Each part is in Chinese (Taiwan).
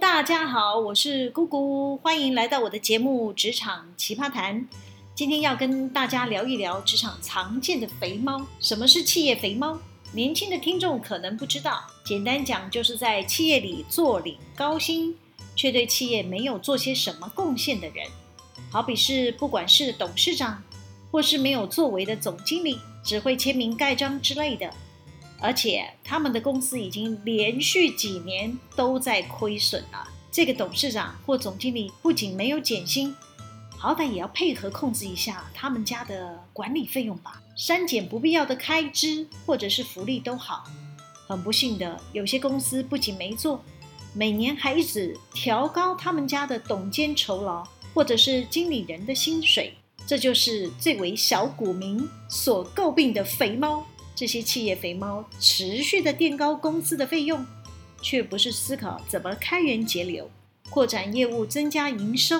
大家好，我是姑姑，歡迎來到我的節目《職場奇葩談》。今天要跟大家聊一聊職場常見的“肥貓”。什麼是企業“肥貓”？年輕的聽眾可能不知道。簡單講，就是在企業裡坐領高薪，卻對企業沒有做些什麼貢獻的人。好比是不管是董事長，或是沒有作為的總經理，只會簽名蓋章之類的。而且他們的公司已經連續幾年都在虧損了。這個董事長或總經理不僅沒有減薪，好歹也要配合控制一下他們家的管理費用吧，刪減不必要的開支或者是福利都好。很不幸的，有些公司不僅沒做，每年還一直調高他們家的董監酬勞或者是經理人的薪水。這就是最為小股民所詬病的“肥貓”。這些企業肥貓持續地墊高公司的費用，卻不是思考怎麼開源節流、擴展業務、增加營收，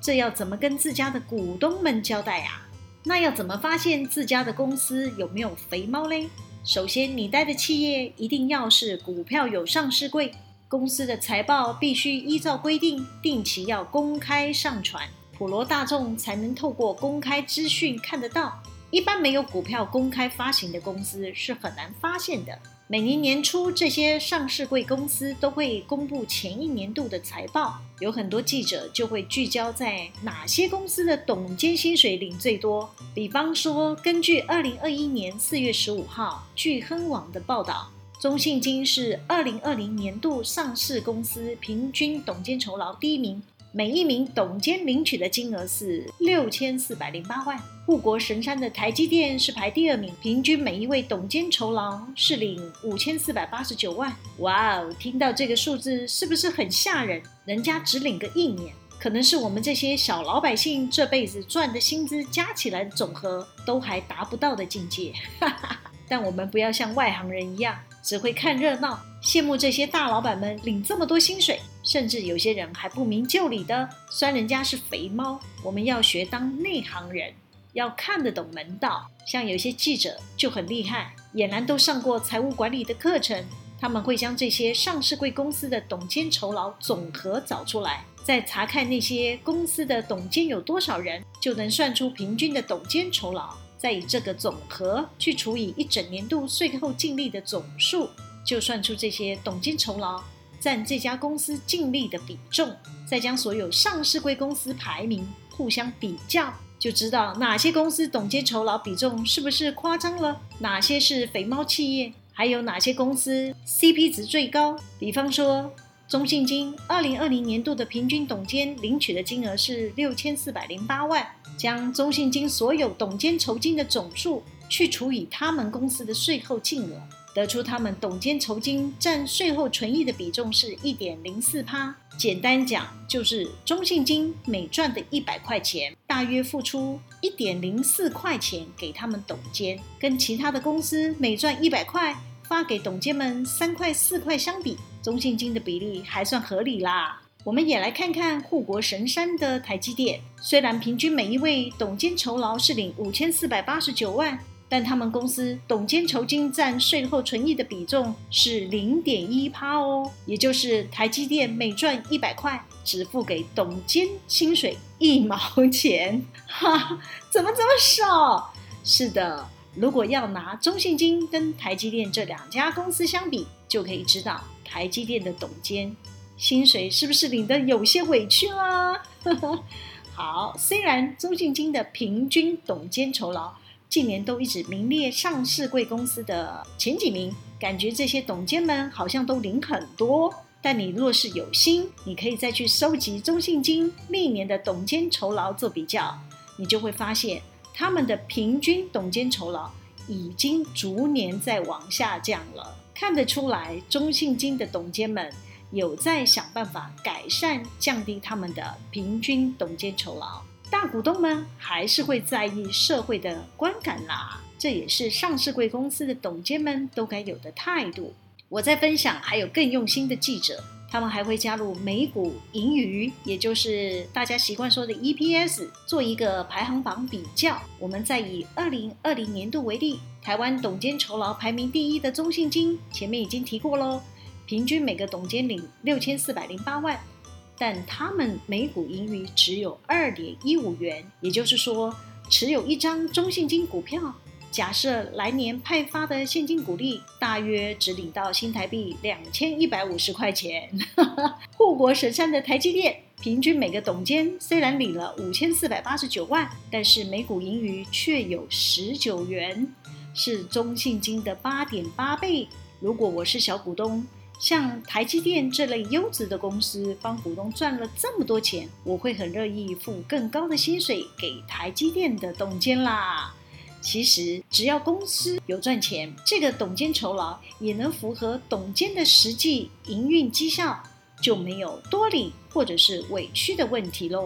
這要怎麼跟自家的股東們交代啊？那要怎麼發現自家的公司有沒有肥貓嘞？首先，你待的企業一定要是股票有上市櫃，公司的財報必須依照規定定期要公開上傳，普羅大眾才能透過公開資訊看得到。一般沒有股票公開發行的公司是很難發現的。每年年初，這些上市櫃公司都會公布前一年度的財報，有很多記者就會聚焦在哪些公司的董監薪水領最多。比方說，根據二零二一年四月十五號鉅亨網的報道，中信金是二零二零年度上市公司平均董監酬勞第一名。每一名董監領取的金額是六千四百零八萬，護國神山的台積電是排第二名，平均每一位董監酬勞是領五千四百八十九萬。哇哦，聽到這個數字是不是很嚇人？人家只領個一年，可能是我們這些小老百姓這輩子賺的薪資加起來總和都還達不到的境界。哈 哈，但我們不要像外行人一樣，只會看熱鬧，羨慕這些大老板們領這麼多薪水。甚至有些人還不明就裡的酸人家是肥貓，我們要學當內行人，要看得懂門道。像有些記者就很厲害，儼然都上過財務管理的課程。他們會將這些上市櫃公司的董監酬勞總和找出來，再查看那些公司的董監有多少人，就能算出平均的董監酬勞，再以這個總和去除以一整年度稅後淨利的總數，就算出這些董監酬勞占這家公司淨利的比重，再將所有上市櫃公司排名互相比較，就知道哪些公司董監酬勞比重是不是誇張了，哪些是肥貓企業，還有哪些公司 CP 值最高。比方說中信金二零二零年度的平均董監領取的金額是六千四百零八萬，將中信金所有董監酬金的總數去除以他們公司的稅後淨額。得出他們董監酬金佔稅後純益的比重是1.04%，簡單講就是中信金每賺的一百塊錢，大約付出一點零四塊錢給他們董監，跟其他的公司每賺一百塊發給董監們三塊四塊相比，中信金的比例還算合理啦。我們也來看看護國神山的台積電，雖然平均每一位董監酬勞是領五千四百八十九萬。但他們公司董監酬金占稅後純益的比重是零點一趴哦，也就是台積電每賺一百塊，只付給董監薪水一毛錢，哈，哈，怎麼這麼少？是的，如果要拿中信金跟台積電這兩家公司相比，就可以知道台積電的董監薪水是不是領得有些委屈了啊。好，雖然中信金的平均董監酬勞。近年都一直名列上市櫃公司的前幾名，感覺這些董監們好像都領很多。但你若是有心，你可以再去收集中信金歷年的董監酬勞做比較，你就會發現他們的平均董監酬勞已經逐年在往下降了。看得出來，中信金的董監們有在想辦法改善、降低他們的平均董監酬勞。大股東們還是會在意社會的觀感啦，這也是上市櫃公司的董監們都該有的態度。我在分享還有更用心的記者，他們還會加入每股盈餘，也就是大家習慣說的 EPS，做一個排行榜比較。我們再以二零二零年度為例，台灣董監酬勞排名第一的中信金，前面已經提過嘍，平均每個董監領六千四百零八萬。但他們每股盈餘只有二點一五元，也就是說，持有一張中信金股票，假設來年派發的現金股利，大約只領到新台幣兩千一百五十塊錢。護 國神山的台積電，平均每個董監雖然領了五千四百八十九萬，但是每股盈餘卻有十九元，是中信金的八點八倍。如果我是小股東。像台積電這類優質的公司，幫股東賺了這麼多錢，我會很樂意付更高的薪水給台積電的董監啦。其實，只要公司有賺錢，這個董監酬勞也能符合董監的實際營運績效，就沒有多領或者是委屈的問題嘍。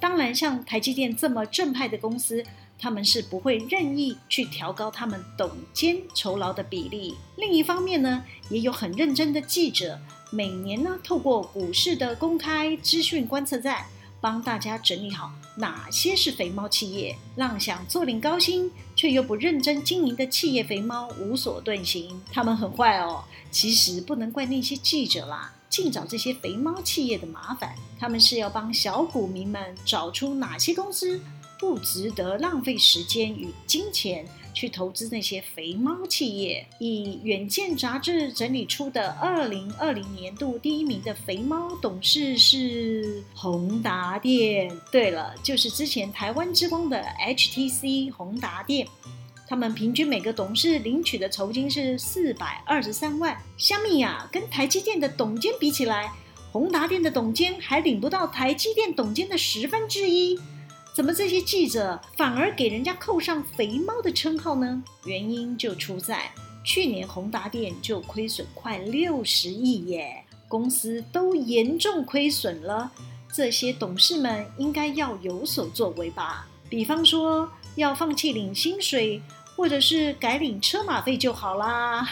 當然，像台積電這麼正派的公司。他們是不會任意去調高他們董監酬勞的比例。另一方面呢，也有很認真的記者，每年呢透過股市的公開資訊觀測站，幫大家整理好哪些是肥貓企業，讓想坐領高薪卻又不認真經營的企業肥貓無所遁形。他們很壞哦，其實不能怪那些記者啦，盡找這些肥貓企業的麻煩。他們是要幫小股民們找出哪些公司。不值得浪費時間與金錢去投資那些肥貓企業。以《遠見》雜誌整理出的二零二零年度第一名的肥貓董事是宏達電。對了，就是之前台灣之光的 HTC 宏達電。他們平均每個董事領取的酬金是四百二十三萬。相比啊，跟台積電的董監比起來，宏達電的董監還領不到台積電董監的十分之一。怎麼這些記者反而給人家扣上“肥貓”的稱號呢？原因就出在去年宏達電就虧損快六十億耶，公司都嚴重虧損了，這些董事們應該要有所作為吧？比方說要放棄領薪水。或者是改領車馬費就好啦。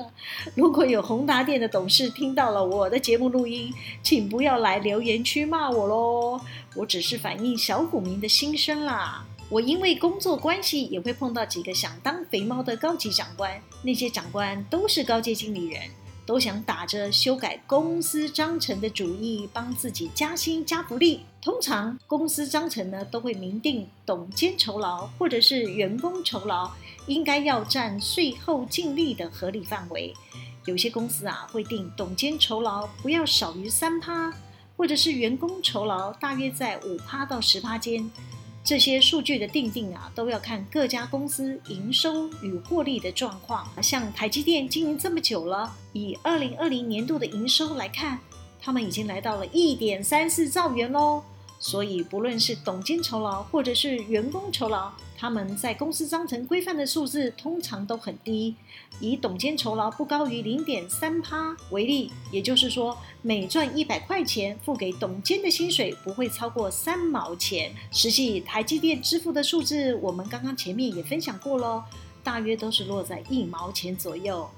如果有宏達電的董事聽到了我的節目錄音，請不要來留言區罵我嘍。我只是反映小股民的心聲啦。我因為工作關係，也會碰到幾個想當肥貓的高級長官，那些長官都是高階經理人。都想打着修改公司章程的主意，幫自己加薪加福利。通常公司章程呢，都會明定董監酬勞或者是員工酬勞應該要占稅後淨利的合理範圍。有些公司啊，會定董監酬勞不要少於三趴，或者是員工酬勞大約在五趴到十趴間。這些數據的訂定啊，都要看各家公司營收與獲利的狀況。像台積電經營這麼久了，以二零二零年度的營收來看，他們已經來到了一點三四兆元嘍。所以，不論是董監酬勞，或者是員工酬勞，他們在公司章程規範的數字通常都很低。以董監酬勞不高於零點三趴為例，也就是說，每賺一百塊錢，付給董監的薪水不會超過三毛錢。實際台積電支付的數字，我們剛剛前面也分享過嘍，大約都是落在一毛錢左右。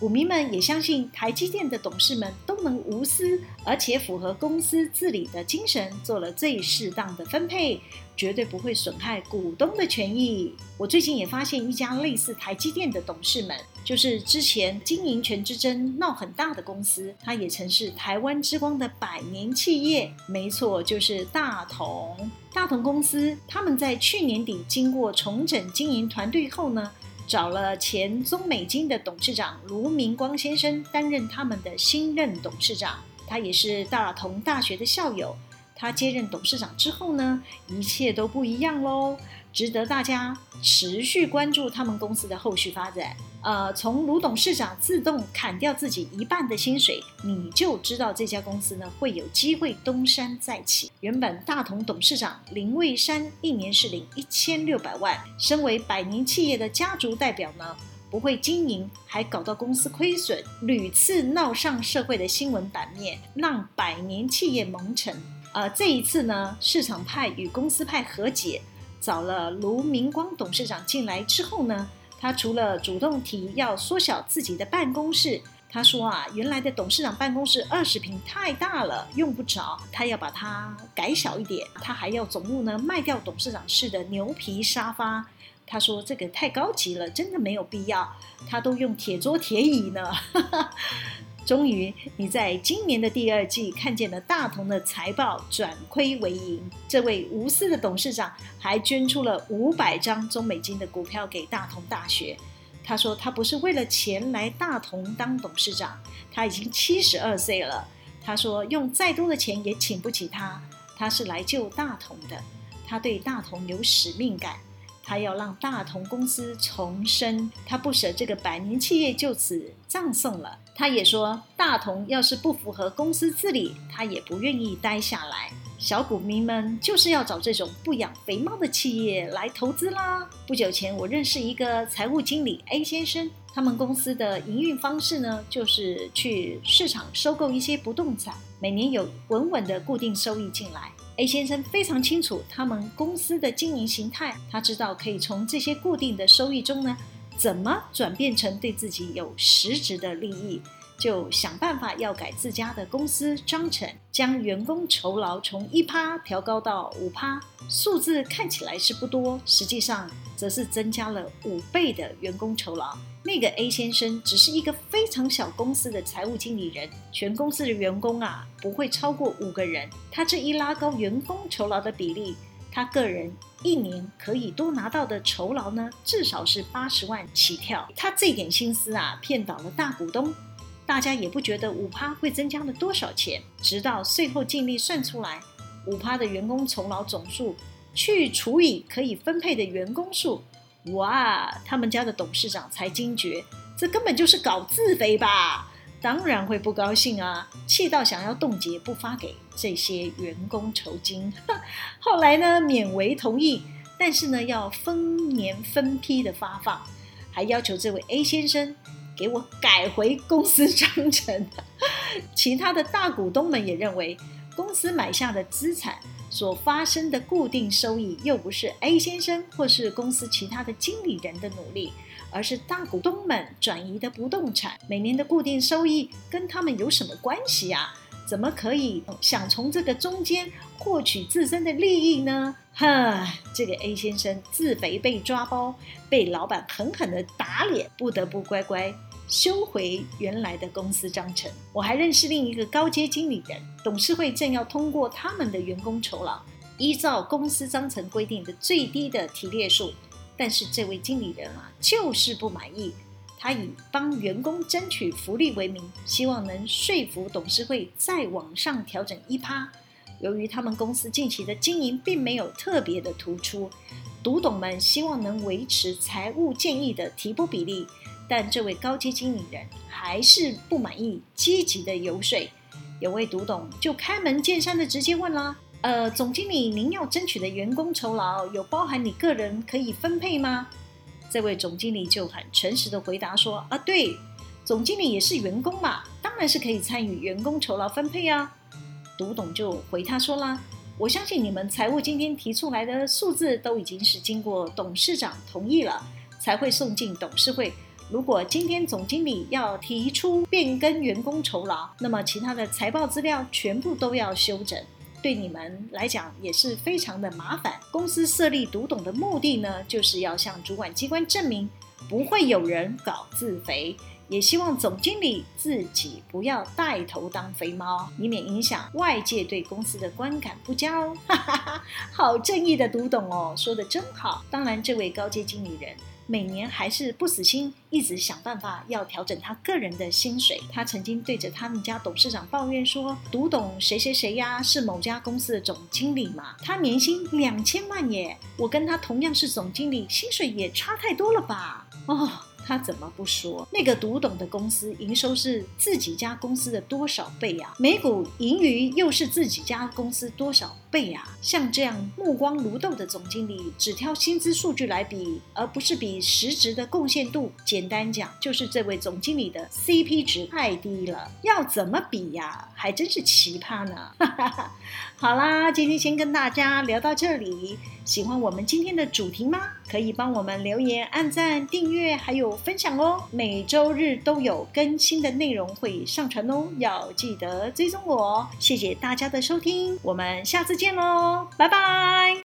股民們也相信，台積電的董事們都能無私，而且符合公司治理的精神，做了最適當的分配，絕對不會損害股東的權益。我最近也發現一家類似台積電的董事們，就是之前經營權之爭鬧很大的公司，它也曾是台灣之光的百年企業。沒錯，就是大同。大同公司，他們在去年底經過重整經營團隊後呢，找了前中美金的董事長盧明光先生擔任他們的新任董事長，他也是大同大學的校友。他接任董事長之後呢，一切都不一樣嘍。值得大家持續關注他們公司的後續發展。呃，從盧董事長自動砍掉自己一半的薪水，你就知道這家公司呢會有機會東山再起。原本大同董事長林蔚山一年是領一千六百萬，身為百年企業的家族代表呢，不會經營還搞到公司虧損，屢次鬧上社會的新聞版面，讓百年企業蒙塵。呃，這一次呢，市場派與公司派和解。找了盧明光董事長進來之後呢，他除了主動提要縮小自己的辦公室，他說啊，原來的董事長辦公室二十平太大了，用不着，他要把它改小一點。他還要總務呢，賣掉董事長室的牛皮沙發，他說這個太高級了，真的沒有必要，他都用鐵桌鐵椅呢。 終於，你在今年的第二季看見了大同的財報轉虧為盈。這位無私的董事長還捐出了五百張中美金的股票給大同大學。他說，他不是為了錢來大同當董事長，他已經七十二歲了。他說，用再多的錢也請不起他。他是來救大同的，他對大同有使命感。他要讓大同公司重生，他不捨這個百年企業就此葬送了。他也說，大同要是不符合公司治理，他也不願意待下來。小股民們就是要找這種不養肥貓的企業來投資啦。不久前，我認識一個財務經理 A 先生，他們公司的營運方式呢，就是去市場收購一些不動產，每年有穩穩的固定收益進來。A 先生非常清楚他們公司的經營形態，他知道可以從這些固定的收益中呢，怎麼轉變成對自己有實質的利益。就想辦法要改自家的公司章程，將員工酬勞從一趴調高到五趴。數字看起來是不多，實際上則是增加了五倍的員工酬勞。那個 A 先生只是一個非常小公司的財務經理人，全公司的員工啊不會超過五個人。他這一拉高員工酬勞的比例，他個人一年可以多拿到的酬勞呢，至少是八十萬起跳。他這點心思啊，騙倒了大股東。大家也不覺得五趴會增加了多少錢，直到稅後淨利算出來，五趴的員工酬勞總數去除以可以分配的員工數，哇，他們家的董事長才驚覺，這根本就是搞自肥吧，當然會不高興啊，氣到想要凍結不發給這些員工酬金。哼，後來呢，勉為同意，但是呢，要分年分批的發放，還要求這位 A 先生。給我改回公司章程。其他的大股東們也認為，公司買下的資產所發生的固定收益又不是 A 先生或是公司其他的經理人的努力，而是大股東們轉移的不動產每年的固定收益跟他們有什麼關係呀、啊？怎麼可以想從這個中間獲取自身的利益呢？哈，這個 A 先生自肥被抓包，被老闆狠狠地打臉，不得不乖乖。修回原來的公司章程。我還認識另一個高階經理人，董事會正要通過他們的員工酬勞，依照公司章程規定的最低的提列數。但是這位經理人啊，就是不滿意。他以幫員工爭取福利為名，希望能說服董事會再往上調整一趴。由於他們公司近期的經營並沒有特別的突出，獨董們希望能維持財務建議的提撥比例。但這位高階經理人還是不滿意，積極的遊說。有位獨董就開門見山的直接問了：“呃，總經理，您要爭取的員工酬勞有包含你個人可以分配嗎？”這位總經理就很誠實的回答說：“啊，對，總經理也是員工嘛，當然是可以參與員工酬勞分配啊。”獨董就回他說啦：“我相信你們財務今天提出來的數字都已經是經過董事長同意了，才會送進董事會。”如果今天總經理要提出變更員工酬勞，那麼其他的財報資料全部都要修整，對你們來講也是非常的麻煩。公司設立獨董的目的呢，就是要向主管機關證明不會有人搞自肥，也希望總經理自己不要帶頭當肥貓，以免影響外界對公司的觀感不佳哦。 好正義的獨董哦，說得真好。當然，這位高階經理人。每年還是不死心，一直想辦法要調整他個人的薪水。他曾經對着他們家董事長抱怨說：“讀懂誰誰誰呀、啊，是某家公司的總經理嘛？他年薪兩千萬耶，我跟他同樣是總經理，薪水也差太多了吧？”哦、oh.。他怎麼不說那個讀懂的公司營收是自己家公司的多少倍呀、啊？每股盈餘又是自己家公司多少倍呀、啊？像這樣目光如豆的總經理，只挑薪資數據來比，而不是比實質的貢獻度。簡單講，就是這位總經理的 CP 值太低了。要怎麼比呀、啊？還真是奇葩呢！哈哈哈。好啦，今天先跟大家聊到這裡。喜歡我們今天的主題嗎？可以幫我們留言、按讚、訂閱，還有。分享哦，每週日都有更新的內容會上傳哦，要記得追蹤我哦。謝謝大家的收聽，我們下次見嘍，拜拜。